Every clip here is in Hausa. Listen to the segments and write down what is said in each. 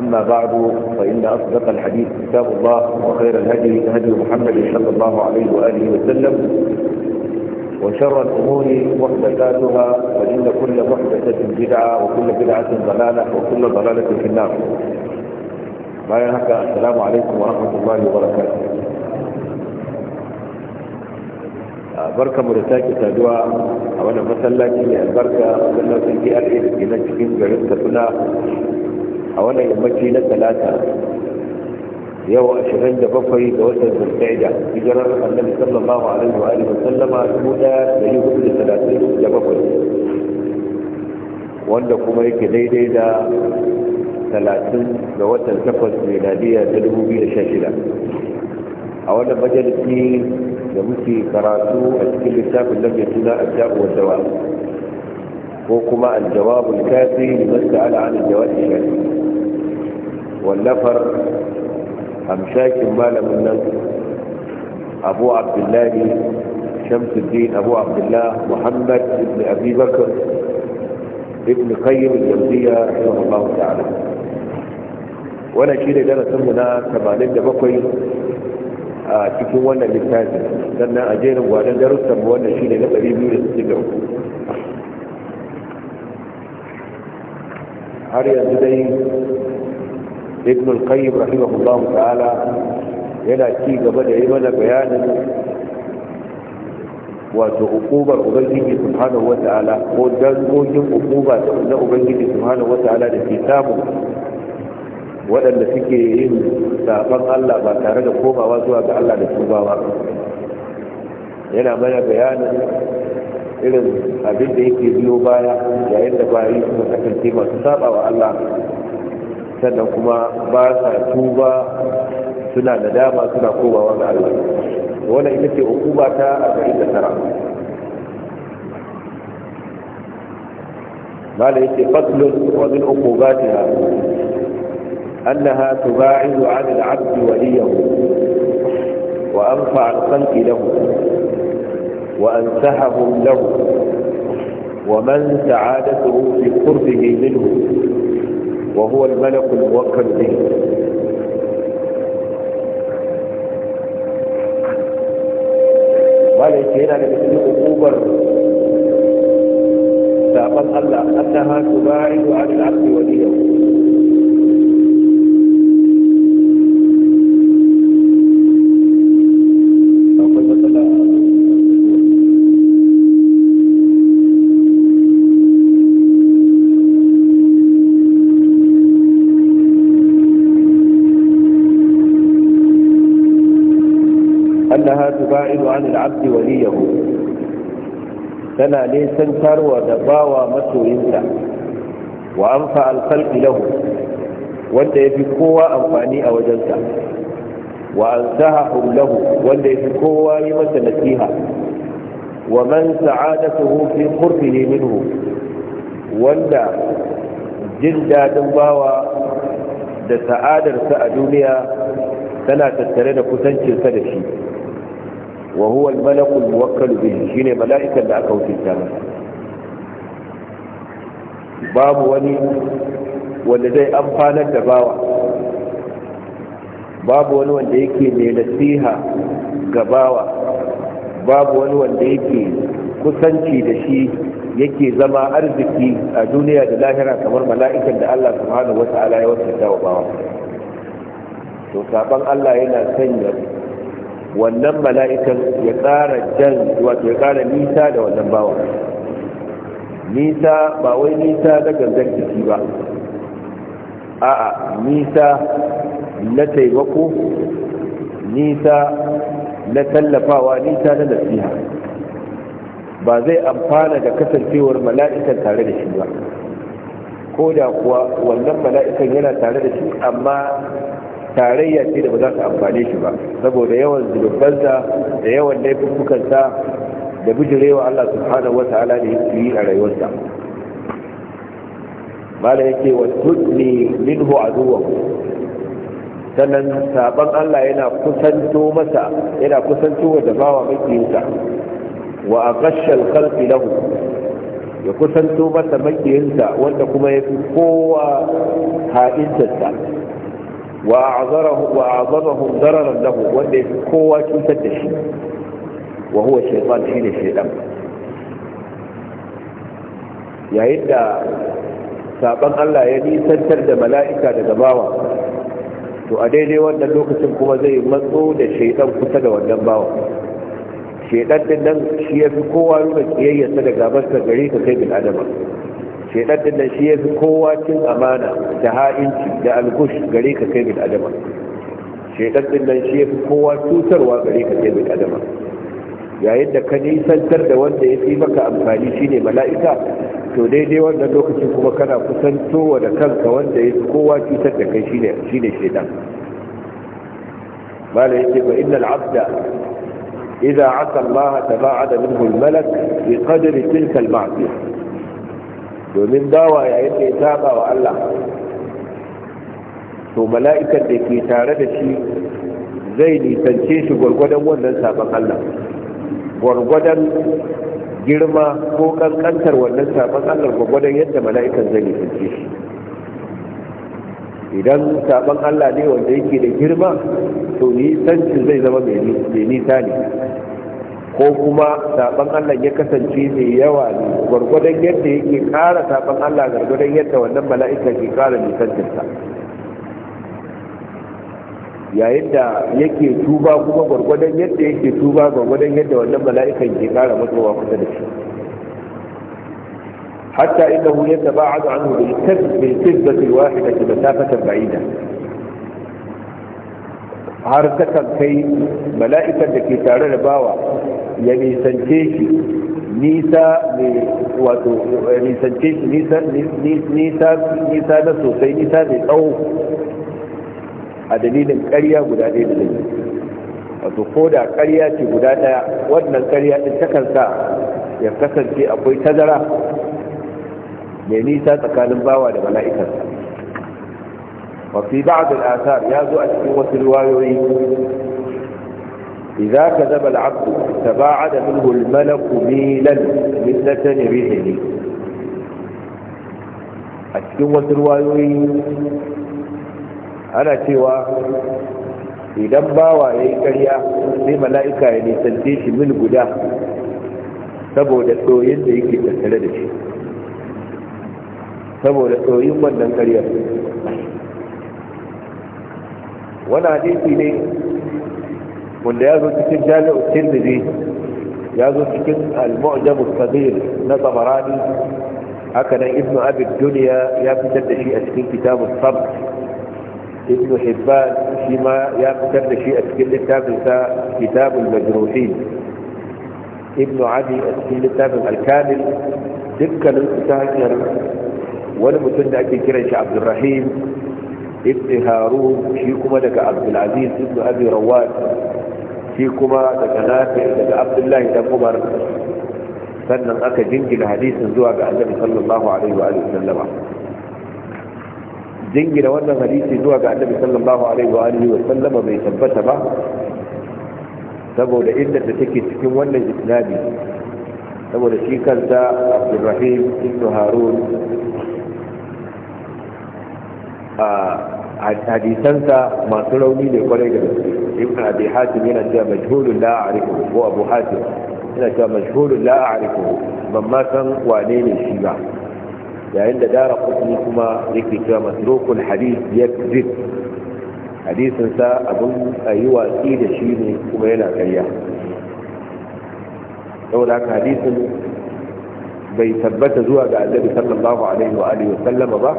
أما بعد فإن أصدق الحديث كتاب الله وخير الهدي هدي محمد صلى الله عليه وآله وسلم وشر الأمور محدثاتها فإن كل محدثة بدعة وكل بدعة ضلالة وكل ضلالة في النار ما ينهك السلام عليكم ورحمة الله وبركاته بركة mu دواء أولا مثلا لكي البركة masallaci في الأرئيس في DRA في ke a wannan yammaci na talata yau a shirin da bakwai ga watan zulkaida hijirar annabi sallallahu alaihi wa alihi sallama dubu daya da yi hudu da talatin da bakwai wanda kuma yake daidai da talatin da watan takwas miladiya ta dubu biyu da sha shida a wannan majalisi da muke karatu a cikin littafin nan mai suna ajabu wa dawa ko kuma aljawabul kafi liman da an aljawab shafi والنفر أمشاك مال من أبو عبد الله شمس الدين أبو عبد الله محمد بن أبي بكر ابن قيم الجمدية رحمه الله تعالى وانا شير إلى سمنا كمالين دبقي آه، تكون وانا للتاني لأن أجينا وانا درسا وانا شير إلى قريب يستمعوا هاري أنزدين ibn al-qayyim rahimahullahu ta'ala yana ci gaba da yi mana bayanin wato hukumar ubangiji subhanahu wata'ala ko dangogin hukuma na ubangiji subhanahu wata'ala da ke samu waɗanda suke yin saɓon Allah ba tare da komawa zuwa ga Allah da tuba ba yana mana bayanin irin abin da yake biyo baya yayin da bayi suka kasance masu saba wa Allah sannan kuma ba sa tuba suna dama suna komawa wani Allah wannan ita ce hukuma ta 49 قال قتل ومن عقوباتها أنها تباعد عن العبد وليه وأنفع الخلق له وأنسحهم له ومن سعادته في قربه منه وهو الملك الموكل به ملك هنا لمثل عقوبة سأقل الله أنها تباعد عن العبد وليه tubaidu an al waliyahu tana nisan tarwa da bawa masoyinsa wa anfa al lahu wanda yafi kowa amfani a wajensa wa ansahu lahu wanda yafi kowa yi masa nasiha wa man sa'adatuhu fi qurbihi minhu wanda jin dadin bawa da sa'adarsa a duniya tana tattare da kusancinsa da shi wa huwa al-malaku al-muwakkal bihi shine mala'ikan da aka wakilta masa babu wani wanda zai amfanar da bawa babu wani wanda yake mai nasiha ga bawa babu wani wanda yake kusanci da shi yake zama arziki a duniya da lahira kamar mala'ikan da Allah subhanahu wa ta'ala ya wasa wa bawa to saban Allah yana sanya wannan mala'ikan ya ƙara jan wato ya ƙara nisa da wannan bawa nisa ba wai nisa na gangar jiki ba a'a nisa na taimako nisa na tallafawa nisa na nasiha ba zai amfana da kasancewar mala'ikan tare da shi ba ko da kuwa wannan mala'ikan yana tare da shi amma tarayya ce da ba za ta amfane shi ba saboda yawan zunubansa da yawan laifukansa da bijirewa Allah subhanahu wa ta'ala da yake yi a rayuwarsa mala yake wa tudni minhu aduwa sannan saban Allah yana kusanto masa yana kusanto wa da bawa makiyinsa wa aqashsha al-khalqi lahu ya kusanto masa makiyinsa wanda kuma yafi kowa ha'intarsa وأعظمهم ضررا له وانده كوا تنتدش وهو الشيطان حين الشيطان يا إذا saban Allah ya nisantar da mala'ika da bawa to a daidai wannan lokacin kuma zai matso da shaidan kusa da wannan bawa shaidan din nan shi ya fi kowa nuna kiyayyarsa da gabarsa gare ta kai bin adama shaidan din shi ya fi kowa cin amana da ha'inci da algush gare ka kai bil adama shaidan din shi ya fi kowa cutarwa gare ka kai bil adama yayin da ka nisantar da wanda ya fi maka amfani shi ne mala'ika to daidai wannan lokacin kuma kana kusantowa da kanka wanda ya fi kowa cutar da kai shine shine shaidan ya ce ba innal abda idza asa Allah taba'ada minhu al-malak bi qadri domin bawa yayin da ya saba wa Allah to mala'ikan da ke tare da shi zai nisance shi gwargwadon wannan sabon Allah gwargwadon girma ko kankantar wannan sabon Allah gwargwadon yadda mala'ikan zai nisance shi idan sabon Allah ne wanda yake da girma to nisanci zai zama mai nisa ne ko kuma saban Allah ya kasance mai yawa ne gwargwadon yadda yake kara saban Allah gwargwadon yadda wannan mala'ika ke kara nisantarsa yayin da yake tuba kuma gwargwadon yadda yake tuba gwargwadon yadda wannan mala'ikan ke kara matsowa kusa da shi hatta innahu yataba'adu anhu bil kadbati al-wahidati masafatan ba'ida har takan kai mala'ikan da ke tare da bawa ya nisance shi nisa ne wato eh, nisance shi nisa na sosai nisa mai tsawo a dalilin ƙarya guda ɗaya da zai wato ko da ƙarya ce guda ɗaya wannan ƙarya ɗin takan sa ya kasance akwai tazara mai nisa tsakanin bawa da mala'ikar wafi ba'd al asar ya zo a cikin wasu riwayoyi إذا كذب العبد تباعد منه الملك ميلا مثل تنبيه a cikin wasu ruwayoyi ana cewa idan bawa ya karya sai mala'ika ya nisance mil guda saboda tsoyin da yake tattare da shi wannan karyar ne wanda ya zo cikin jami'ar tirmidhi ya zo cikin al-mu'jam kabir na tabarani haka nan ibn abi dunya ya fitar da shi a cikin kitab as-sabt ibn hibban shi ma ya fitar da shi a cikin littafin sa kitab al-majruhin ibn abi a cikin littafin al dukkanin su ta hanyar wani mutum da ake kiran shi abdurrahim ibn harun shi kuma daga abdulaziz ibn abi rawat shi kuma daga nafi daga abdullahi dan umar sannan aka jingina hadisin zuwa ga annabi sallallahu alaihi wa alihi sallama jingina wannan hadisi zuwa ga annabi sallallahu alaihi wa alihi sallama bai tabbata ba saboda inda da take cikin wannan isnadi saboda shi kansa abdurrahim ibn harun a hadisansa masu rauni ne kwarai da gaske ibn abi hatim yana cewa majhulun la a'rifu ko abu hatim yana cewa majhulun la a'rifu ban ma san wane ne shi ba yayin da dara kutni kuma yake cewa masrukul hadith yakzib hadisin sa abun ayi watsi da shi ne kuma yana karya saboda haka hadisin bai tabbata zuwa ga annabi sallallahu alaihi wa alihi wa sallama ba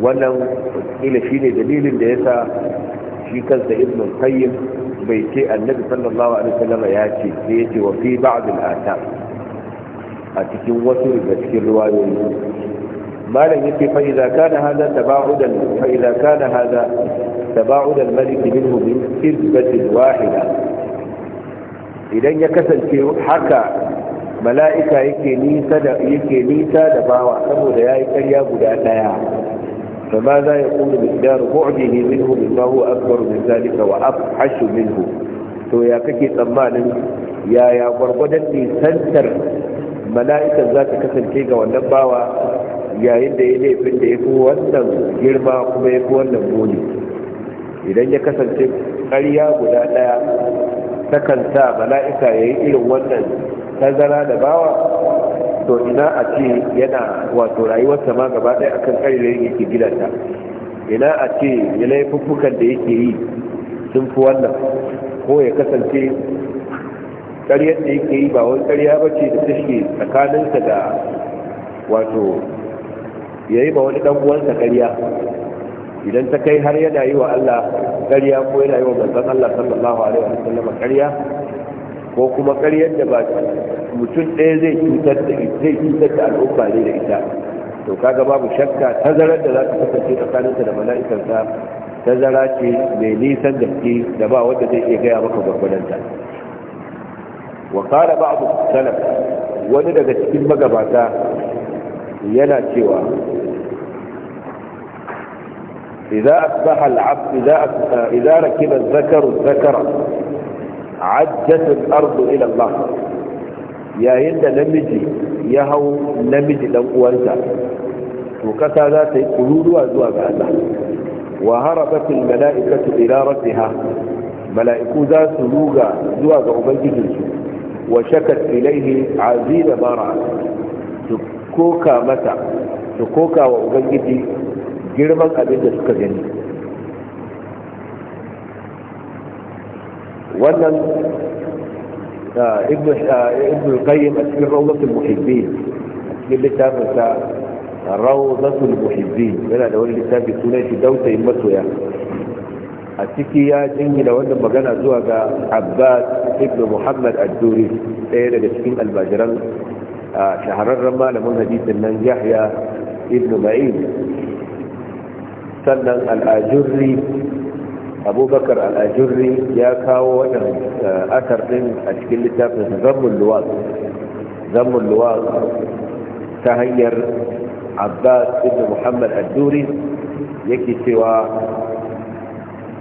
wannan kila shi ne dalilin da ya sa shi kansa ibn qayyim bai ce annabi sallallahu alaihi wasallam ya ce sai ya ce wa fi ba'd al a cikin wasu daga cikin riwayoyi malam yake fa idza kana hada tabaudan fa idza kana hada tabaud al-malik minhu bi isbatin wahida idan ya kasance haka mala'ika yake nisa da yake nisa da bawa saboda yayi ƙarya guda ɗaya. فماذا يكون مقدار بعده منه مما هو أكبر من ذلك وأفحش منه to ya kake tsammanin yaya gwargwadon nisantar mala'ikan za ta kasance ga wannan bawa yayin da ya laifin da ya fi wannan girma kuma ya fi wannan muni idan ya kasance karya guda ɗaya takan sa mala'ika ya yi irin wannan tazara da bawa to ina a ce yana wato rayuwarsa ma gaba ɗaya akan da yake gidanta ina a ce ya laifuffukan da yake yi sun fi wannan ko ya kasance ƙaryar da yake yi ba wani ƙarya ba ce da take tsakaninsa da wato ya yi ba wani ɗan uwansa ƙarya idan ta kai har yana yi wa Allah ƙarya ko yana yi wa manzon Allah sallallahu alaihi wa sallam ƙarya ko kuma karyar da ba mutum ɗaya zai cutar da zai cutar da al'umma ne da ita to kaga babu shakka tazarar da za ta kasance tsakaninta da mala'ikarsa tazara ce mai nisan gaske da ba wanda zai iya gaya maka gwargwadonta wa kala ba abu salaf wani daga cikin magabata yana cewa إذا أصبح العبد إذا, أصبح إذا ركب الذكر الذكر ajjatul ardu ila Allah yayin da namiji ya hau namiji dan uwanta to kasa za ta yi kururuwa zuwa ga Allah wa harabatul mala'ikatu ila rabbiha mala'iku za su ruga zuwa ga ubangijinsu wa shakat ilaihi azila mara su koka mata su koka wa ubangiji girman abin da suka gani وانا آه، ابن آه، ابن القيم اسمه روضة المحبين اسمه اللي تابع روضة المحبين بلا دولي اللي تابع سنة دوتة يمتو يا اتكي يا جنجي لو انا مجانا زوجة عباد ابن محمد الدوري ايه لسكين الباجران آه، شهر الرمى لمن هديث النان يحيى ابن معين سنن الاجري abubakar al'ajirri ya kawo wannan eh, asar din a cikin littafin zammun luwaz zammun luwaz ta hanyar abbas ibn muhammad al-duri yake cewa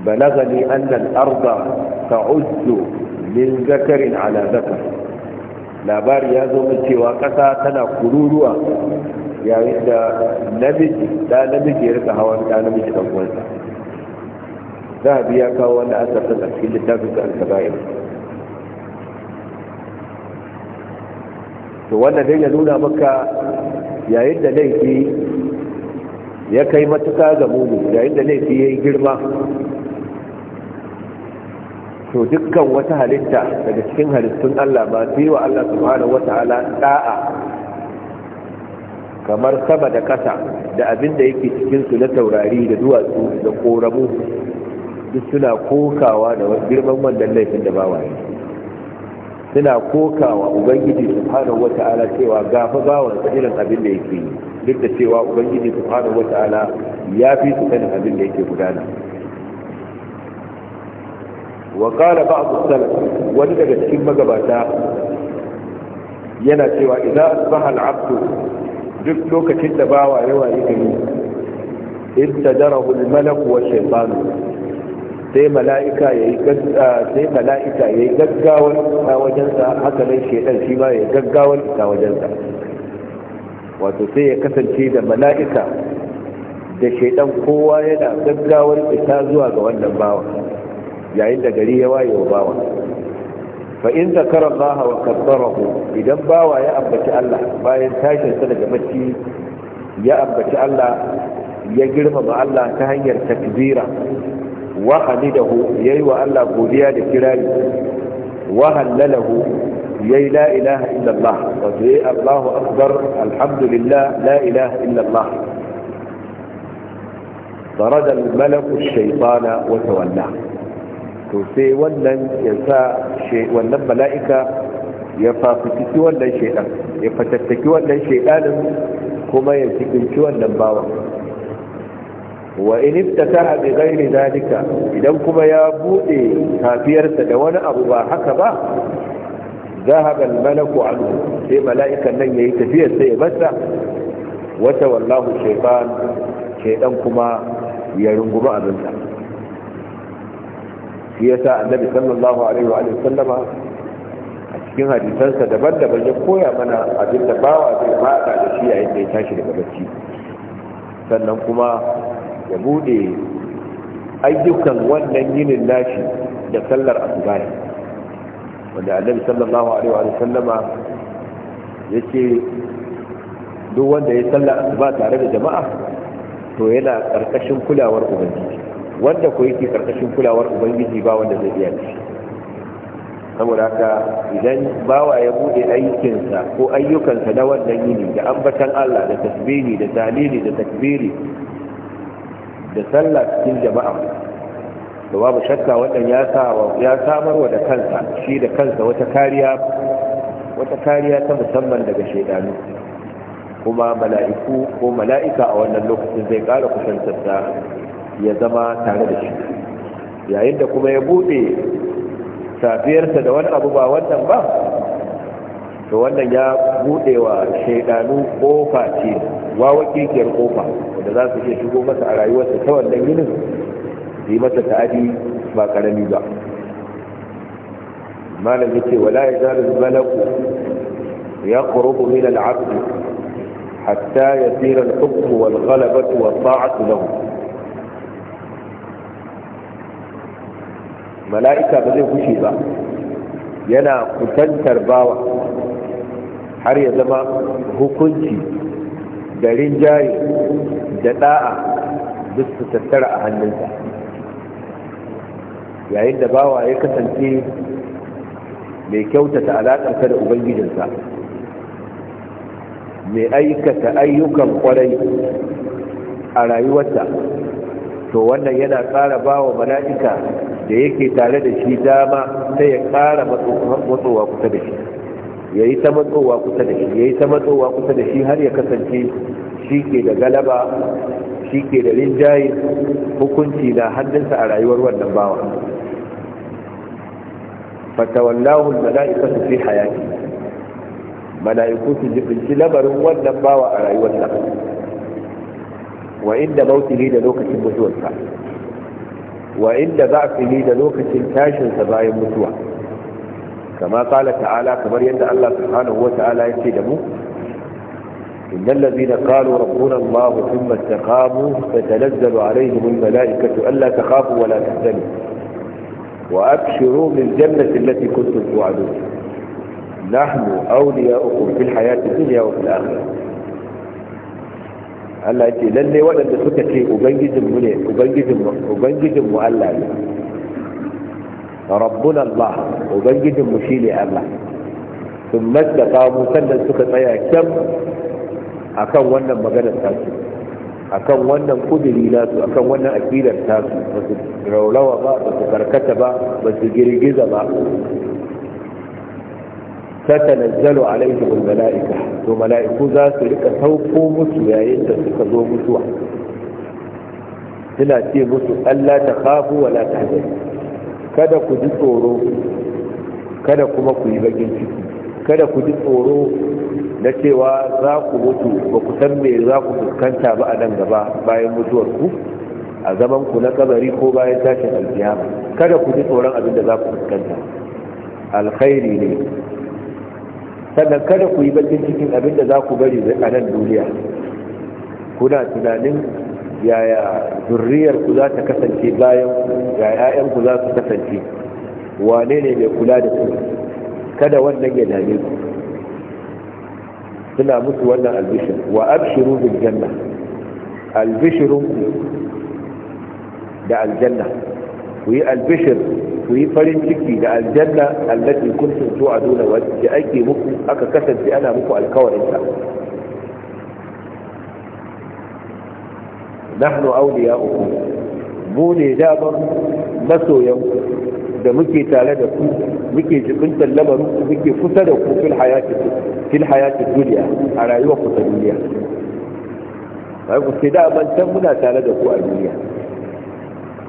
balagani annal arda ta'uddu min zakarin ala zakar labari ya zo min cewa ƙasa tana kururuwa yayin da namiji da namiji ya rika hawan da namiji ɗan uwansa Za zahabi ya kawo wanda asar a cikin littafin al-kaba'ir to wanda dai ya nuna maka yayin da laifi ya kai matuka ga mugu yayin da laifi ya yi girma to dukkan wata halitta daga cikin halittun Allah ba su yi wa Allah subhanahu wata'ala da'a kamar sama da ƙasa da abin da yake cikinsu na taurari da duwatsu da ƙoramu duk suna kokawa da girman wannan laifin da ba waye suna kokawa ubangiji subhanahu wata'ala cewa gafa bawan irin abin da yake yi duk da cewa ubangiji subhanahu wata'ala ya fi su sanin abin da yake gudana wa qala ba'd salaf wani daga cikin magabata yana cewa idan asbaha al abd duk lokacin da bawa yawa yake yi intajarahu al-malak wa shaytanu sai mala'ika ya yi gaggawar ta wajensa haka nan shedan shi ma ya yi gaggawar ta wajensa wato sai ya kasance da mala'ika da shaidan kowa yana gaggawar isa zuwa ga wannan bawa yayin da gari ya waye wa bawa fa in zakara Allah wa kabbarahu idan bawa ya ambaci Allah bayan tashin sa daga bacci ya ambaci Allah ya girmama Allah ta hanyar takbira wa hamidahu yayi wa Allah godiya da kirari wa hallalahu yayi la ilaha illa Allah wato yayi Allahu akbar alhamdulillah la ilaha illa Allah طرد الملك الشيطان وتولاه to sai wannan ya sa wannan mala'ika ya fafutuki wannan shaidan ya fatattaki wannan shaidanin kuma ya cikin wannan bawan wa in iftataha bi ghairi zalika idan kuma ya bude tafiyarsa da wani abu ba haka ba Za zahaba al-malaku anhu sai mala'ikan nan yi tafiyar sai ya basa? wata wallahu shaytan shaytan kuma ya runguma abinta shi yasa annabi sallallahu alaihi wa sallama a cikin hadisansa daban-daban ya koya mana abin da bawa zai fada da shi yayin da ya tashi daga bacci sannan kuma ya bude ayyukan wannan yinin nashi da sallar asubahi wanda annabi sallallahu alaihi wa sallama ya ce, duk wanda ya sallar asuba tare da jama'a to yana karkashin kulawar ubangiji wanda ko yake karkashin kulawar ubangiji ba wanda zai iya shi saboda haka idan bawa ya bude aikinsa ko ayyukansa na wannan yini da ambatan Allah da tasbihi da talili da takbiri da sallah cikin jama'a da babu shakka wannan ya samar wa da kansa shi da kansa wata kariya wata kariya ta musamman daga shaidanu kuma mala'iku ko mala'ika a wannan lokacin zai ƙara kusantarsa ya zama tare da shi yayin da kuma ya buɗe safiyarsa da wani abu ba wannan ba to wannan ya buɗe wa shaidanu ƙofa ce wawa kirkiyar kofa da za su iya shigo masa a rayuwarsa ta wannan yinin yi masa ta'adi ba karami ba malam yace wala ya yazalu malaku yaqrubu min al-'abd hatta yasira al-hukm wal-ghalabatu wat-ta'atu lahu mala'ika ba zai kushe ba yana kusantar bawa har ya zama hukunci Garin jari da da'a duk su tattara a hannunsa yayin da bawa ya kasance mai kyautata alaƙarsa da ubangijinsa mai aikata ayyukan kwarai a rayuwarsa to wannan yana ƙara bawa wa mala'ika da yake tare da shi dama sai ya ƙara matsowa kusa da shi ya yi ta matsowa kusa da shi ya yi ta matsowa kusa da shi har ya kasance shi ke da galaba shi ke da rinjaye hukunci na hannunsa a rayuwar wannan bawa fatawallahu su fi hayati mala'iku su jibinci labarin wannan bawa a rayuwarsa wa inda mautihi da lokacin mutuwarsa wa inda za a za'fihi da lokacin tashinsa bayan mutuwa كما قال تعالى كما yadda الله سبحانه وتعالى ta'ala yake إن الذين قالوا ربنا الله ثم استقاموا تتنزل عليهم الملائكة ألا تخافوا ولا تهتموا وأبشروا بالجنة التي كنتم توعدون نحن أولياؤكم في الحياة الدنيا وفي الآخرة ألا يتي لن يولد suka أبنجد ubangijinmu أبنجد ubangijinmu rabbun Allah ubangijinmu shi ne Allah sun da kamu sannan suka tsaya kyan akan wannan maganar tasu akan wannan kudiri nasu akan wannan akidar tasu ba su raulawa ba ba su karkata ba ba su girgiza ba tatanazzalu alaihim almalaika to malaiku za su rika sauko musu yayin da suka zo mutuwa suna ce musu Allah ta khafu wa la tahzanu kada ku ji tsoro kada kuma ku yi bakin ciki kada ku ji tsoro na cewa za ku mutu ba ku san me za ku fuskanta ba a nan gaba bayan mutuwar ku a zaman ku na kabari ko bayan tashin alkiyama kada ku ji tsoron abin da za ku fuskanta alkhairi ne sannan kada ku yi bakin cikin abin da za ku bari a nan duniya kuna tunanin yaya zurriyar ku za ta kasance bayan ga 'ya'yanku za su kasance wane ne mai kula da su kada wannan ya dame ku suna musu wannan albishir wa abshiru bil janna albishirun da aljanna ku yi albishir ku yi farin ciki da aljanna allati kuntum tu'aduna wa ake muku aka kasance ana muku alkawarin ta nahnu awliya'ukum mu ne daban masoyan da muke tare da ku muke jibintar tallabar ku muke kusa da ku fil hayati fil hayati dunya a rayuwar ku ta duniya ai ku sai da can muna tare da ku a duniya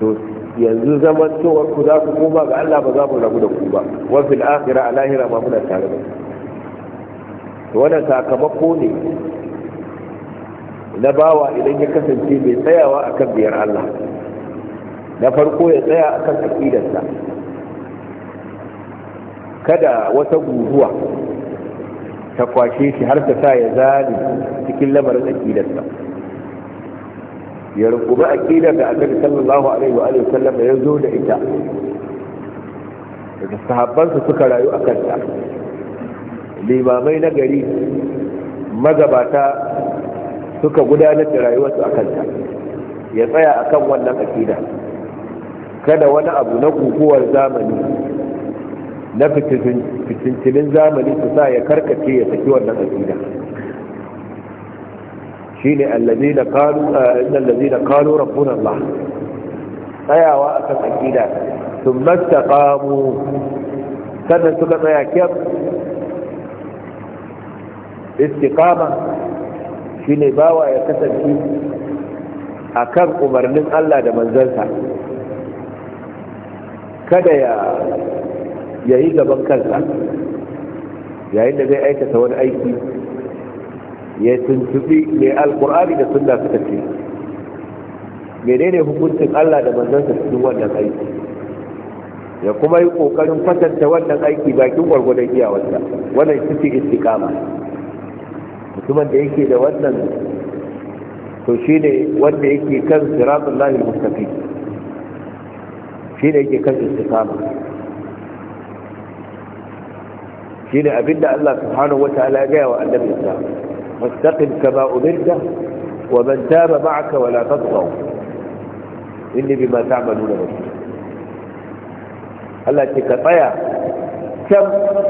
to yanzu zaman cewar ku za ku koma ga Allah ba za mu rabu da ku ba wa fil akhirah a lahira ma muna tare da ku wannan sakamako ne na bawa idan ya kasance mai tsayawa akan biyar Allah na farko ya tsaya akan aqidarsa kada wata guguwa ta kwashe shi har ta sa ya zane cikin lamarin aqidarsa ya rubuta aqidar da Annabi sallallahu alaihi wa alihi sallam ya zo da ita daga sahabbansa suka rayu a kanta, limamai na gari magabata suka gudanar da rayuwarsu a kanta ya tsaya a kan wannan akida kada wani abu na kukuwar zamani na fitintinin zamani su sa ya karkace ya saki wannan akida shi ne allazi da kalu rabbun Allah tsayawa a kan akida sun masta kamu sannan suka tsaya kyau istiqama shine bawa ya kasance akan umarnin Allah da manzansa kada ya yayi gaban kansa yayin da zai aikata wani aiki ya tuntubi mai alkur'ani da sunna suka ce menene hukuncin Allah da manzansa cikin wannan aiki ya kuma yi kokarin kwatanta wannan aiki bakin gwargwadon iyawarsa wannan shi ce istiqama mutumin da yake da wannan to shi ne wanda yake kan siratun lahil mustafi shi ne yake kan istikama shi ne abinda Allah subhanahu wa ta'ala ya gaya wa annabi isa mustaqim kama umirta wa man taba ma'aka wa la tatghaw inni bima ta'maluna basir Allah ce ka tsaya can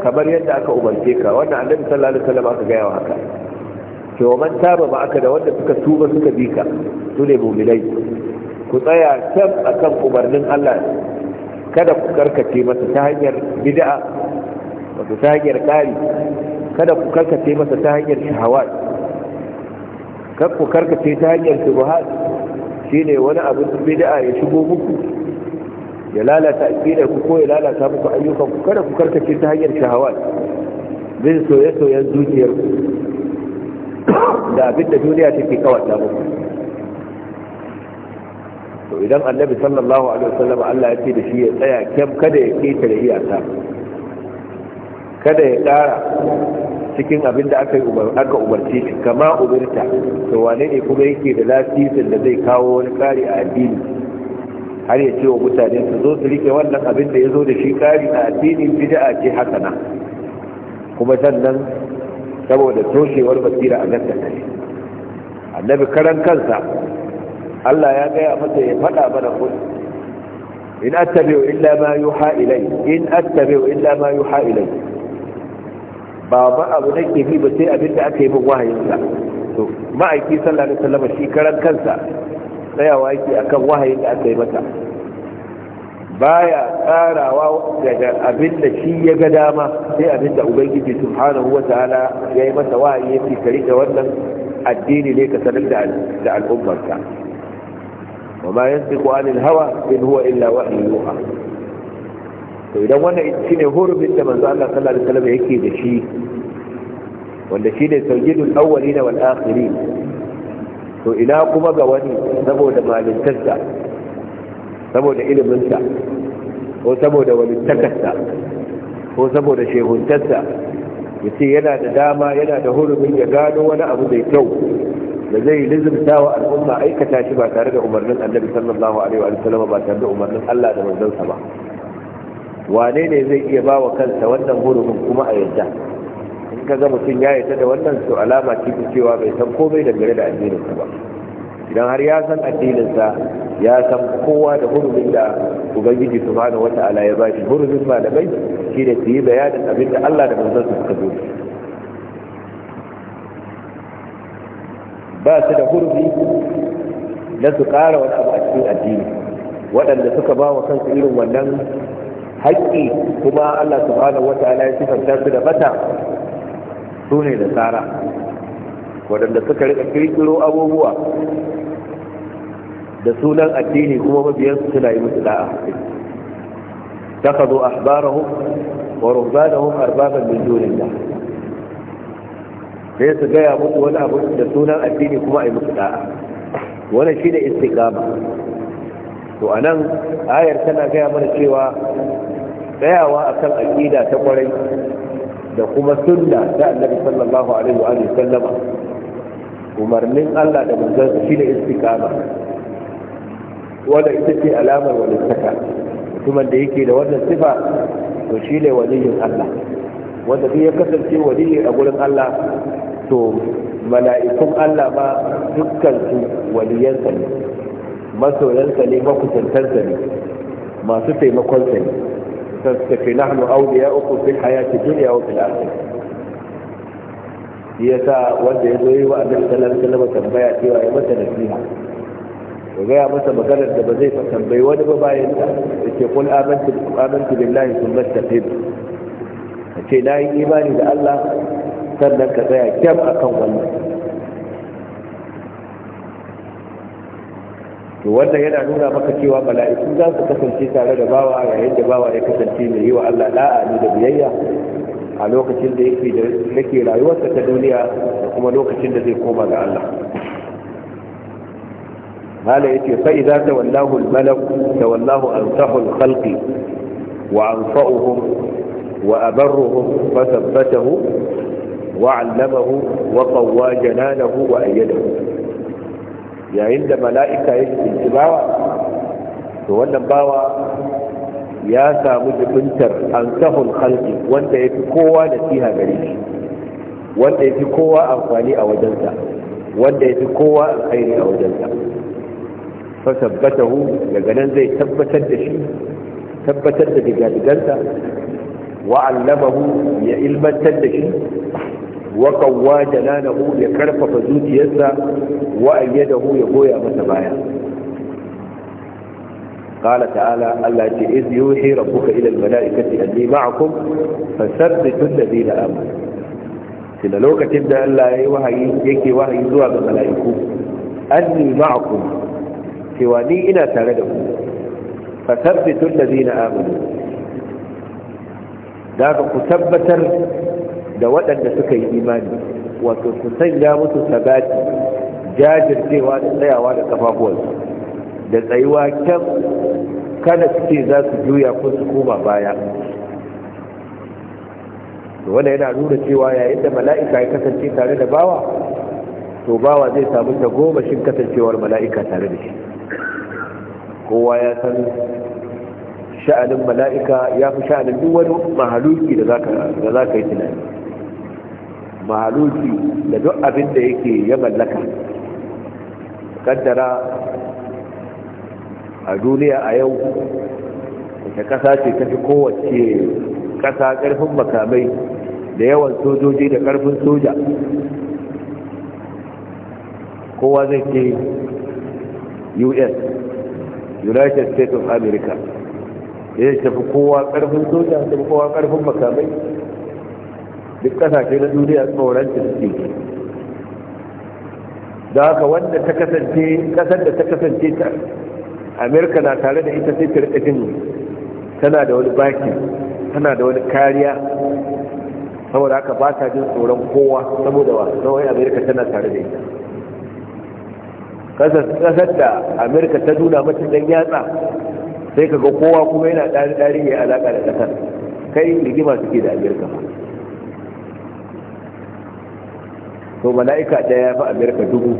kamar yadda aka umarce ka wannan annabi sallallahu alaihi wasallam aka gaya wa haka to man taba ba aka da wanda suka tuba suka bi ka su ne mu'minai ku tsaya can a kan umarnin Allah kada ku karkace masa ta hanyar bid'a wato ta hanyar kari kada ku karkace masa ta hanyar shahawat kar ku karkace ta hanyar shubuhat shine wani abin bid'a ya shigo muku ya lalata aqidar ku ko ya lalata muku ayyukan ku kada ku karkace ta hanyar shahawat bin soye-soyen zuciyar ku da abin da duniya take kawata muku to idan annabi sallallahu alaihi wasallam Allah ya ce da shi ya tsaya kyam kada ya ketare iyaka kada ya ƙara cikin abin da aka umarce shi kama umarta to wane ne kuma yake da lasisin da zai kawo wani kari a addini har ya ce wa mutane su zo su rike wannan abin da ya zo da shi kari a addini bid'a ce hasana kuma sannan saboda toshewar basira a gaskata ne. annabi karan kansa Allah ya gaya masa ya faɗa mana kudu in attabi'u illa ma yuha ilai in attabi'u illa ma yuha ilai ba ba abu nake bi ba sai abinda aka yi min wahayin sa to ma'aiki sallallahu alaihi wasallam shi karan kansa tsayawa yake akan wahayin da aka yi mata. baya tsarawa daga abin da shi ya ga dama sai abin da ubangiji subhanahu wa ta'ala ya yi masa wa ya fi kari da wannan addini ne ka sanar da al'ummarka wa ma yantiqu anil hawa in huwa illa wahyu yuha to idan wannan shine hurumin da manzo Allah sallallahu alaihi wasallam yake da shi wanda shine sauyidul awwalina wal akhirin to ina kuma ga wani saboda malintarsa saboda iliminsa ko saboda walittakarsa ko saboda shehuntarsa ya ce yana da dama yana da hurumin ya gano wani abu mai kyau da zai lizimta wa al'umma aikata shi ba tare da umarnin annabi sallallahu alaihi wa sallam ba tare da umarnin Allah da manzansa ba wane ne zai iya ba wa kansa wannan hurumin kuma a yadda in ka ga mutum ya yadda da wannan to alama ce cewa bai san komai gare da addininsa ba idan har ya san addininsa ya san kowa da hurumin da ubangiji subhanahu wata'ala ya shi, hurumin malamai shine su yi bayanin abin da Allah da manzon su suka zo ba su da hurumi na su ƙara wani abu a cikin addini waɗanda suka ba wa kansu irin wannan haƙƙi kuma Allah subhanahu wata'ala ya sifanta su da mata. su ne da tsara waɗanda suka riƙa kirkiro abubuwa da sunan addini kuma mabiyansu suna yi musu da'a zo ahbarahum wa ruhbanahum arbaban min dunillah sai su gaya musu wani abu da sunan addini kuma a yi musu da'a Wani shi shine istiqama to anan ayar tana gaya mana cewa tsayawa akan aqida ta kwarai da kuma sunna ta annabi sallallahu alaihi wa sallama umarnin Allah da manzon shi ne istiqama wanda ita ce alamar walittaka mutumin da yake da wannan sifa to shi ne waliyin Allah wanda duk ya kasance waliyi a gurin Allah to mala'ikun Allah ba dukkan su waliyansa ne masoyansa ne makusantarsa ne masu taimakonsa ne tattafi nahnu awliya'ukum fil hayati dunya wa fil akhirah shi ya sa wanda ya zo yi wa annabi sallallahu alaihi wasallam tambaya cewa ya masa nasiha ka gaya masa maganar da ba zai fa tambayi wani ba bayan ta da ke kul amantu billahi sun mastaqim ka ce na yi imani da Allah sannan ka tsaya kyam akan wannan to wannan yana nuna maka cewa mala'iku za su kasance tare da bawa yayin da bawa ya kasance mai yi wa Allah da'a ne da biyayya a lokacin da yake da nake rayuwarsa ta duniya da kuma lokacin da zai koma ga Allah mala yace fa idza tawallahu al-malak tawallahu ansahu al-khalqi wa anfa'uhum wa abarruhum fa thabbatahu wa 'allamahu wa qawwa jananahu wa ayyadahu yayin da mala'ika ya tsinci bawa to wannan bawa ya samu jibintar ansahul khalqi wanda yafi kowa nasiha shi wanda kowa amfani a wanda kowa a wajensa فثبته لجنان زي ثبت الدشي ثبت الدشي قال جلتا وعلمه يعلم الدشي وقوى جنانه يكرف فزوت يزا وأيده يا يقويا متبايا قال تعالى التي إذ يوحي ربك إلى الملائكة أني معكم فثبت الذين آمنوا لأنه لو كتبنا أن لا يوحي يكي وحي يزوى بملائكم أني معكم cewa ni ina tare da ku fa tabbitu allazina amanu daga ku tabbatar da waɗanda suka yi imani wato ku sanya musu sabati jajircewa da tsayawa da kafafuwansu da tsayuwa kyan kada su za su juya ko su koma baya wanda yana nuna cewa yayin da mala'ika ya kasance tare da bawa to bawa zai samu ta goma shin kasancewar mala'ika tare da shi kowa ya san sha'anin mala'ika ya fi sha'anin duk wani mahaluki da za ka yi tunani mahaluki da duk abin da yake ya mallaka kaddara a duniya a yau wata kasa ce ta fi kowace kasa karfin makamai da yawan sojoji da karfin soja kowa zai ke us united states of america ya tafi kowa karfin soja tafi kowa karfin makamai duk kasashe na duniya tsoron ta suke da haka wanda ta kasance kasar da ta kasance ta Amurka na tare da ita sai ta tana da wani baki tana da wani kariya saboda haka ba ta jin tsoron kowa saboda wa tsawon Amurka tana tare da ita kasar da amerika ta duna mata dan yatsa sai kaga kowa kuma yana ɗari ɗari ya alaƙa da ƙasar kai rigima suke da amerika to mala'ika ɗaya ya fi amerika dubu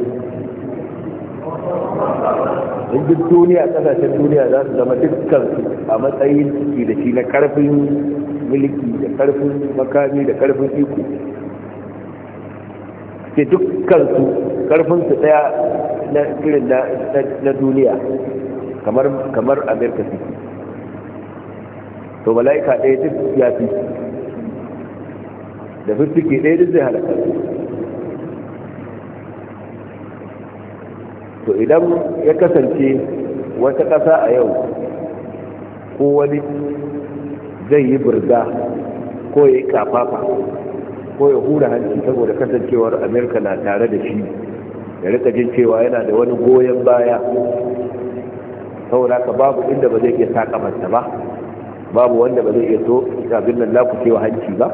in duk duniya ƙasashen duniya za su zama dukkan a matsayin ciki da shi na ƙarfin mulki da ƙarfin makami da ƙarfin iko ke dukkan su ƙarfin su ɗaya na irin na duniya kamar amerika su to mala'ika ɗaya duk ya fi da fiffike ɗaya duk zai halaka to idan ya kasance wata ƙasa a yau ko wani zai yi burga ko ya yi kafafa ko ya hura hanci saboda kasancewar amerika na tare da shi ya rika jin cewa yana da wani goyon baya saboda ka babu inda ba zai iya saka manta ba babu wanda ba zai iya so abin nan laku cewa hanci ba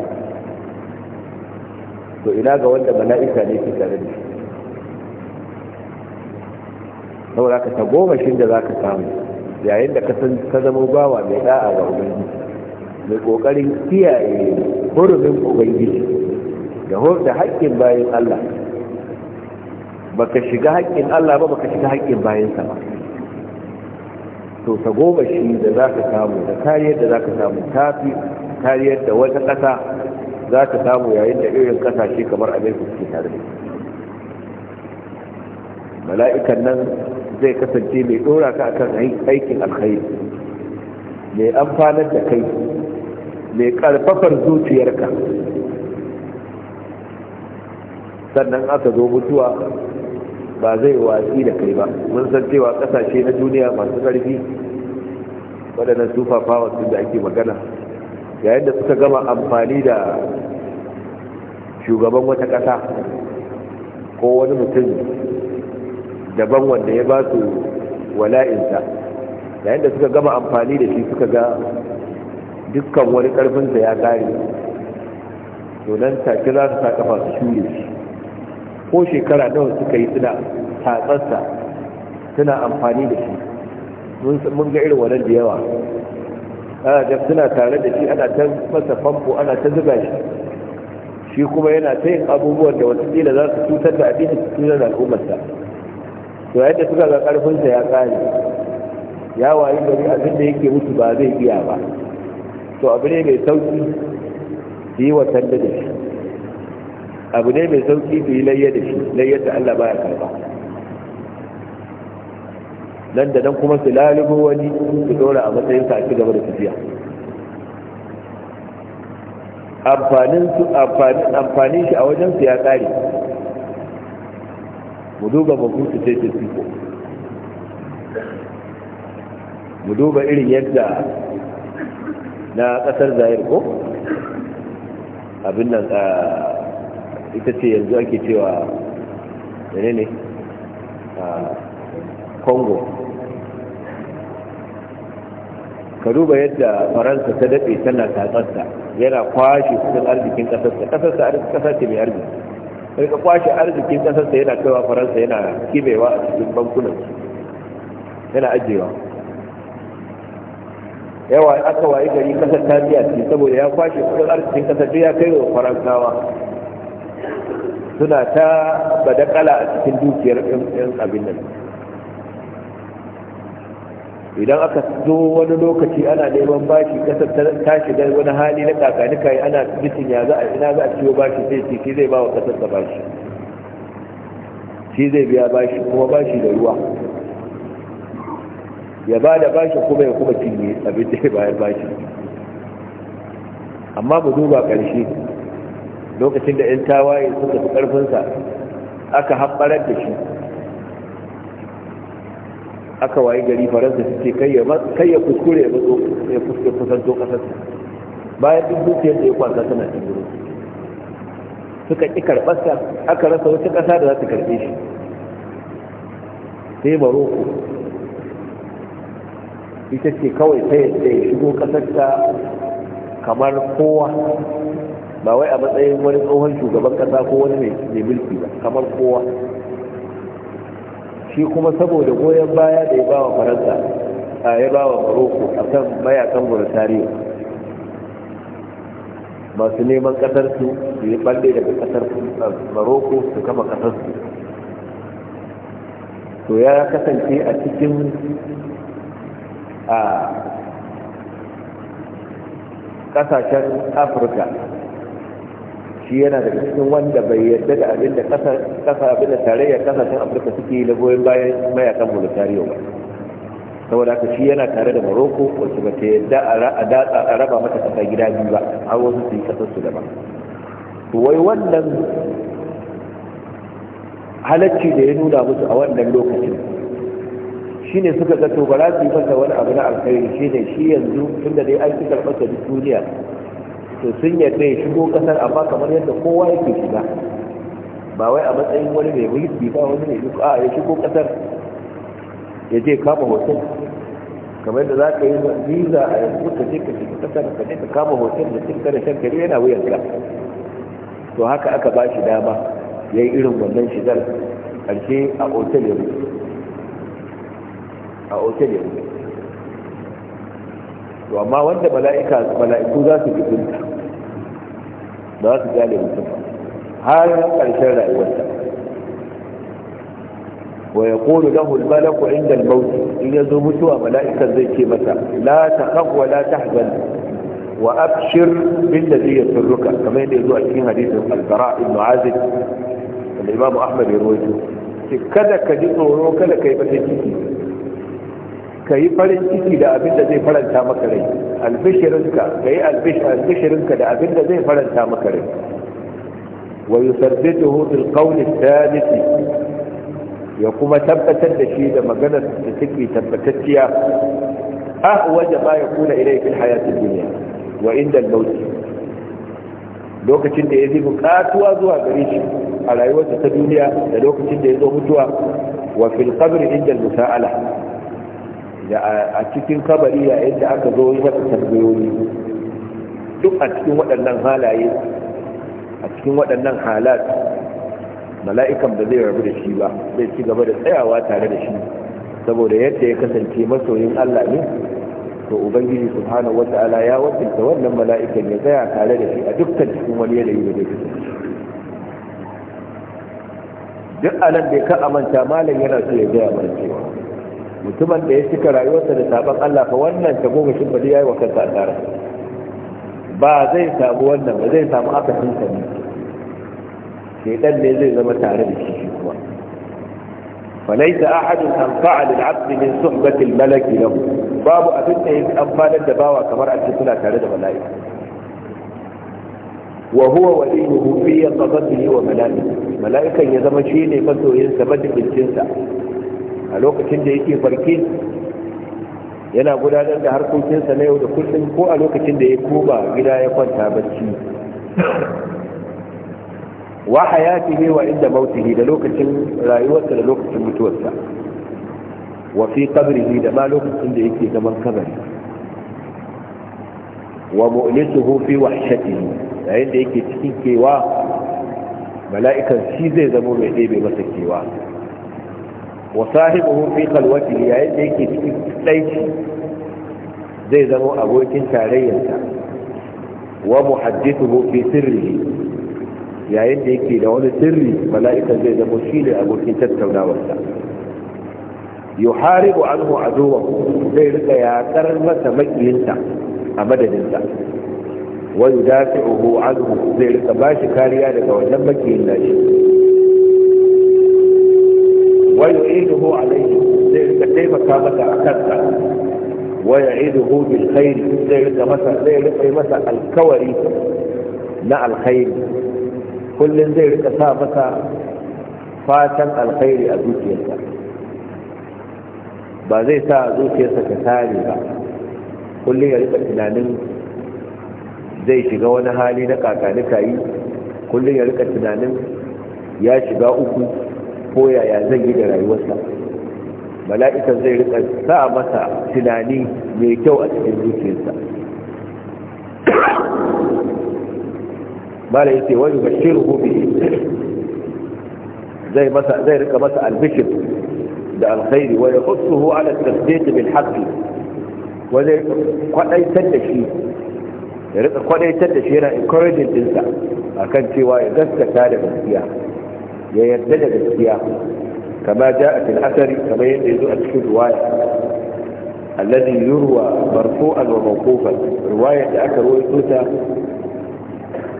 to ina ga wanda mala'ika ne ke tare da shi saboda ka ta goma shi da za ka samu yayin da ka zama bawa mai da'a ga ubangiji mai kokarin kiyaye hurumin ubangiji da haƙƙin bayan allah baka shiga haƙƙin Allah ba baka shiga haƙƙin bayansa ba to ta goma shi da za ka samu da kariyar da za ka samu tafi kariyar da wata ƙasa za ka samu yayin da irin ƙasashe kamar amerika suke tare da mala'ikan nan zai kasance mai ɗora ka akan aikin alkhairi mai amfanar da kai mai ƙarfafar zuciyarka sannan aka zo mutuwa ba zai watsi da kai ba mun san cewa kasashe na duniya masu ƙarfi waɗannan power sun da ake magana yayin da suka gama amfani da shugaban wata ƙasa ko wani mutum daban wanda ya ba su wala'insa yayin da suka gama amfani da shi suka ga dukkan wani ƙarfinsa ya ƙare to nan take za su sa kafa su shure shi ko shekara nawa suka yi suna tatsarsa suna amfani da shi mun ga irin wannan da yawa ana da suna tare da shi ana ta masa famfo ana ta zuba shi shi kuma yana ta yin abubuwan da watakila za su cutar da addini su cutar da al'ummarsa to yadda suka ga karfinsa ya kare ya wayi gari abin da yake mutu ba zai iya ba to abu ne mai sauki su yi watan da shi abu ne mai sauki su yi layya da shi layyar da Allah ba ya karba nan da nan kuma su lalubo wani su dora a matsayin sa a ci gaba da tafiya amfanin su amfani shi a wajen su ya kare mu duba babu su ce siko mu duba irin yadda na kasar zahir ko abin nan a ah, ita ce yanzu ake cewa ne ne a congo ka duba yadda faransa ta daɗe tana tatsarta yana kwashe cikin arzikin ƙasarsa ƙasarsa ƙasa ce mai arziki sai kwashe arzikin ƙasarsa yana kaiwa faransa yana kimewa a cikin bankunan yana ajiyewa yawa aka waye gari ƙasar ta biya ce saboda ya kwashe cikin arzikin ƙasar ya kai wa faransawa suna ta badakala a cikin dukiyar yan abin nan idan aka zo wani lokaci ana neman bashi kasar ta shiga wani hali na kakanika ana bitin ya za a ina za a ciwo bashi sai ce shi zai ba wa kasar ta bashi shi zai biya bashi kuma bashi da ruwa ya ba da bashi kuma ya kuma cinye abin da ya bayar bashi amma mu duba ƙarshe lokacin da 'yan tawaye suka fi ƙarfinsa aka haɓarar da shi aka waye gari faransa suke kai ya kuskure ya kuskure kusanto ƙasarsa bayan duk dukiyar da ya kwasa tana cikin suka ƙi karɓarsa aka rasa wata ƙasa da za ta karɓe shi sai maroko ita ce kawai ta yadda ya shigo ƙasarta kamar kowa ba wai a matsayin wani tsohon shugaban kasa ko wani mai mulki ba kamar kowa shi kuma saboda goyon baya da ya ba wa faransa a ya ba wa maroko a kan mayakan burtaniya masu neman kasar su su yi balle daga kasar maroko su kama kasar su to ya kasance a cikin a kasashen afirka shi yana da cikin wanda bai yarda da abin da kasa abin da tarayyar kasashen afirka suke na goyon bayan mayakan bolivariya ba saboda haka shi yana tare da morocco wacce ba ta yarda a datsa a raba mata kasa gida biyu ba har wasu su yi kasar su ba wai wannan halacci da ya nuna musu a wannan lokacin shi ne suka ga to ba za su yi masa wani abu na alkhairi shi ne shi yanzu tunda dai an fi karɓar duniya to sun yadda ya shigo kasar amma kamar yadda kowa yake shiga ba wai a matsayin wani mai mulki ba wani mai duk a ya shigo kasar ya je kama hotel kamar da za ka yi visa a yanzu ka je ka shiga kasar ka je ka kama hotel da cin kare shan kare yana wuyan ka to haka aka ba shi dama ya yi irin wannan shigar ƙarshe a otel ya a otel ya mutu to amma wanda mala'ika mala'iku za su ji ba su gane mutum har ƙarshen rayuwarsa wa ya kolo lahu malaku inda al mawt in yazo mutuwa malaika zai ce masa la takhaf wa la tahzan wa abshir bil ladhi yasruka kamar yadda yazo a cikin hadisin al-bara ibn azib da imam ahmad ya rawaito kada ka ji tsoro kada kai bakin ciki ka yi farin ciki da abin da zai faranta maka rai albishirinka ka yi albishirinka da abin da zai faranta maka rai wa yusabbitu bil qawli thalith ya kuma tabbatar da shi da maganar da take tabbatacciya ah waje ma ya kuna ilai fil hayatid duniya. wa inda al lokacin da ya ji bukatuwa zuwa gare shi a rayuwarsa ta duniya da lokacin da ya zo mutuwa wa fil qabri inda al-musa'ala da a cikin kabari yayin da aka zo yi masa tambayoyi duk a cikin waɗannan halaye a cikin waɗannan halat mala'ikan ba zai rabu da shi ba zai ci gaba da tsayawa tare da shi saboda yadda ya kasance masoyin Allah ne to ubangiji subhanahu wata'ala ya wakilta wannan mala'ikan ya tsaya tare da shi a dukkan cikin wani yanayi da zai kasance duk anan bai ka amanta malam yana so ya gaya mana cewa mutumin da ya cika rayuwarsa da sabon Allah fa wannan ta goma shi bari yayi wa kansa asara ba zai samu wannan ba zai samu akasin sa ne shedan ne zai zama tare da shi kuma فليس أحد أنفع للعبد من صحبة الملك له باب أبنه أنفال الدباوة كما رأت سنة كالد ملائكة وهو وليه في يقظته وملائكة ملائكة يزمشيني فتو ينسبت بالجنسة a lokacin da yake farke yana gudanar da harkokinsa na yau da kullum ko a lokacin da ya koma gida ya kwanta bacci wa ne wa inda mautuhi da lokacin rayuwarsa da lokacin mutuwarsa wa fi qabrihi da ma lokacin da yake zaman kabari wa mu'lisuhu fi wahshatihi yayin da yake cikin kewa mala'ikan shi zai zama mai ɗebe masa kewa وصاحبه في خلوته يعد يكي ليش زي زمو أبوك تاريا ومحدثه في سره يعد يكي لون سري ملائكة زي زمو شيل أبوك تتونا وسا يحارب عنه عدوه زي يا ترمى تمكين تا أمدا جنسا ويدافعه عنه زي رقباش كاريا لك ونمكين ناشي ويعيده عليه ذلك كيف كانت أكدت ويعيده بالخير ذلك مثلا ذلك مثلا الكوري لا الخير كل ذلك ثابت fatan alkhairi a zuciyarsa ba zai sa zuciyarsa ta tare ba kullum ya rika tunanin zai shiga wani hali na kakanikayi yi kullum ya rika tunanin ya shiga uku ko yaya zai yi da rayuwarsa mala'ikan zai rika sa masa tunani mai kyau a cikin zuciyarsa mala yace wani bashiru bi zai masa zai rika masa albishir da alkhairi wa yahussuhu ala tasdiq bil haqq wa zai kwadaitar da shi ya rika kwadaitar da shi yana encouraging dinsa akan cewa ya gaskata da gaskiya ya yarda da gaskiya kama ja'a fil asari kama yadda yanzu a cikin Ruwaya, alladhi yurwa marfu'an wa mawqufan Ruwaya da aka rawaito ta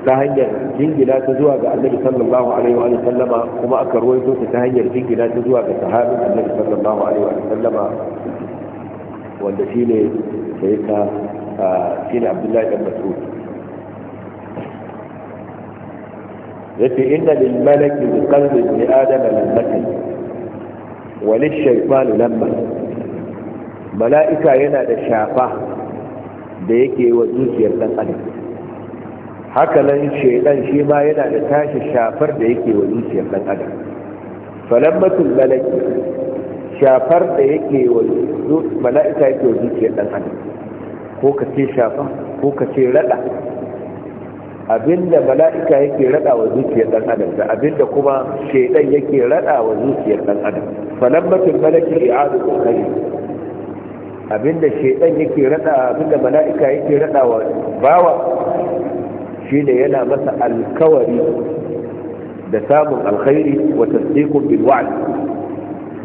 ta hanyar jingina ta zuwa ga annabi sallallahu alaihi wa sallama kuma aka rawaito ta hanyar jingina ta zuwa ga sahabin annabi sallallahu alaihi wa sallama wanda shine sai ah, shine abdullahi dan mas'ud yace inna lil malaki bi qalbi ibn adam lamatan wa lil shaytan lamma mala'ika yana da shafa da yake wa zuciyar dan adam haka nan shaytan shi ma yana da tashi shafar da yake wa zuciyar dan adam falammatul malaki shafar da yake wa mala'ika yake wa zuciyar dan adam ko ka ce shafa ko ka ce rada abinda mala'ika yake rada wa zuciyar dan adam da abinda kuma shaidan yake rada wa zuciyar dan adam falammatul malaki i'adu kulli abinda shaidan yake rada abinda mala'ika yake rada wa bawa shi ne yana masa alkawari da samun alkhairi wa tasdiqun bil wa'd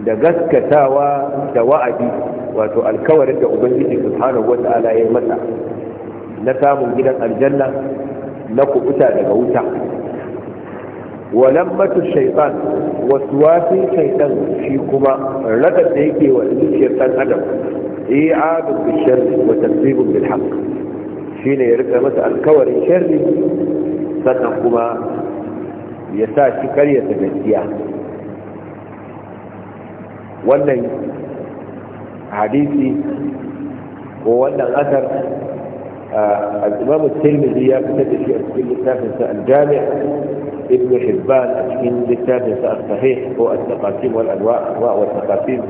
da gaskatawa da wa'adi wato alkawarin da ubangiji subhanahu wata'ala ya masa na samun gidan aljanna na kubuta daga wuta Walan walammatu wasu waswasin shaitan shi kuma radar da yake wa zuciyar ɗan adam i'adun bil sharri wa tasbibun bil Shi ne ya rika masa alkawarin sharri sannan kuma ya sa shi karyata gaskiya wannan hadisi ko wannan asar آه، الإمام الترمذي يا في أسكين لتافة الجامع ابن حبان أسكين لتافة الصحيح هو التقاسيم والأنواع أنواع والتقاسيم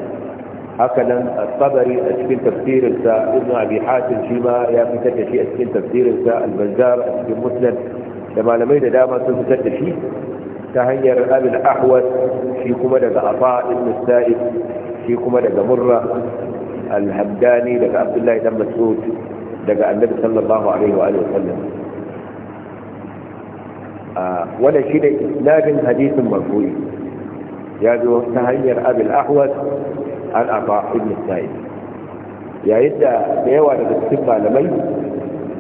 هكذا الطبري أسكين تفسير ابن أبي حاتم فيما يا في أسكين تفسير البزار أسكين مسند لما لم يدى داما تكتب فيه تهير أبي الأحوث في كمدة عطاء ابن السائب في كمدة مرة الهمداني لك عبد الله بن مسعود daga annabi sallallahu alaihi wa sallam wanda shi da isnadin hadisin marfu'i ya zo ta hanyar abil ahwad an aba ibn sa'id yayin da da yawa daga cikin malamai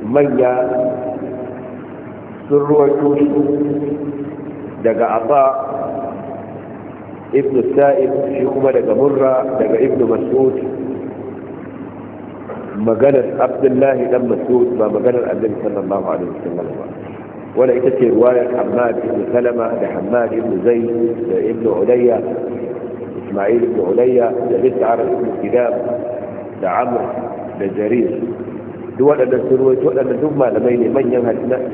manya sun ruwa shi daga aba ibn sa'id shi kuma daga murra daga ibn mas'ud maganar abdullahi dan mas'ud ba maganar annabi sallallahu alaihi wasallam ba wanda ita ce ruwayar hamad ibn salama da hamad ibn zaid da ibn ulayya isma'il ibn ulayya da bis'ar ibn kidab da amr da jarir duk waɗannan sun waɗannan duk malamai ne manyan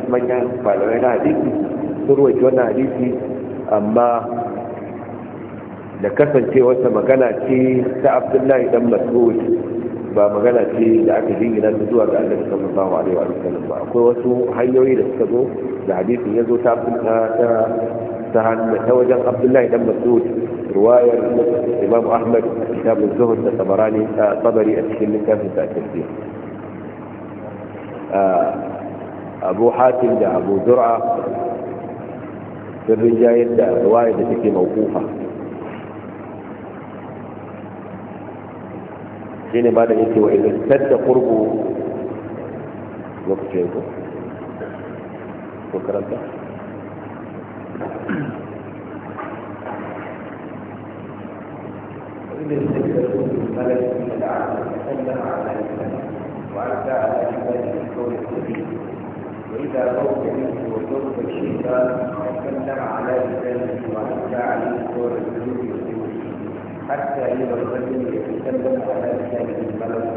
manyan malamai na hadisi surwai ruwaito wannan hadisi amma da kasancewarsa magana ce ta abdullahi dan mas'ud ba magana ce da aka jingina ta zuwa ga annabi sallallahu alaihi wa sallam ba akwai wasu hanyoyi da suka zo da hadisin ya zo ta ta ta ta wajen abdullahi dan mas'ud riwayar imam ahmad kitab az-zuhd da tabarani ta tabari a cikin littafin ta tafsir abu hatim da abu zur'a sun rinjayen da riwayar da take mawqufa shi ne ba da yake wa idan sadda kurbu lokaci yanzu ko karanta وإذا فوت منه وترك الشيطان وسلم على لسانه وأتى عليه قول الذنوب حتى يرتدم يتكلم على لسان الملك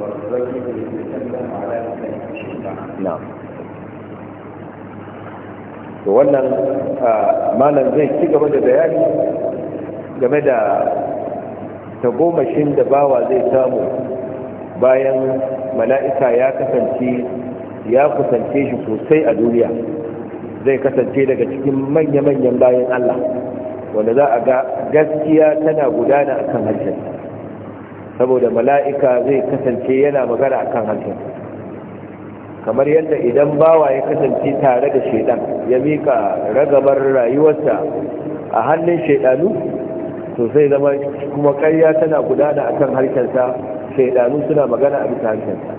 والرجل يتكلم على لسان نعم to wannan malam zai ci gaba da bayani game da tagomashin da bawa zai samu bayan mala'ika ya kasance ya kusance shi sosai a duniya zai kasance daga cikin manya-manyan bayan Allah wanda za a ga gaskiya tana gudana a kan harshen saboda mala'ika zai kasance yana magana a kan harshen kamar yadda idan bawa ya kasance tare da shaidan ya mika ragabar rayuwarsa a hannun shaidanu to sai zama kuma karya tana gudana a kan harshensa shaidanu suna magana a bisa harshensa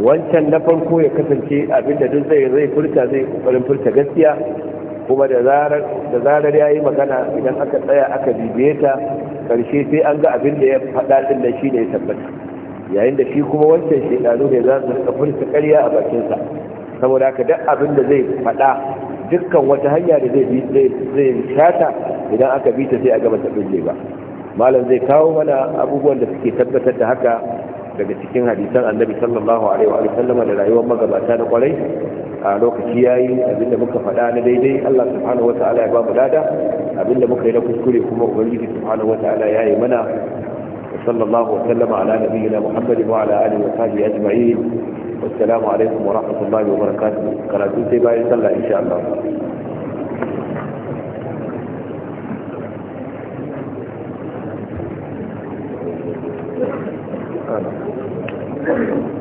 wancan na farko ya kasance abinda duk zai zai furta zai kokarin furta gaskiya kuma da zarar ya yi magana idan aka tsaya aka bibiye ta karshe sai an ga abin da ya faɗa ɗin da shi ne ya tabbata yayin da shi kuma wancan shekaru ne za su ka furta ƙarya a bakinsa saboda haka duk abin da zai faɗa dukkan wata hanya da zai zai shata idan aka bi ta sai a gaba ta binne ba malam zai kawo mana abubuwan da suke tabbatar da haka daga cikin hadisan annabi sallallahu alaihi wa sallama da rayuwar magabata na kwarai a lokaci yayi abinda muka faɗa na daidai Allah subhanahu wataala ya ba mu dada abinda muka yi na kuskure kuma ubangiji subhanahu wataala ya yi mana صلى الله وسلم على نبينا محمد وعلى wa وصحبه اجمعين والسلام عليكم wa rahmatullahi wa قراتي سي باي صلى ان شاء الله Thank you.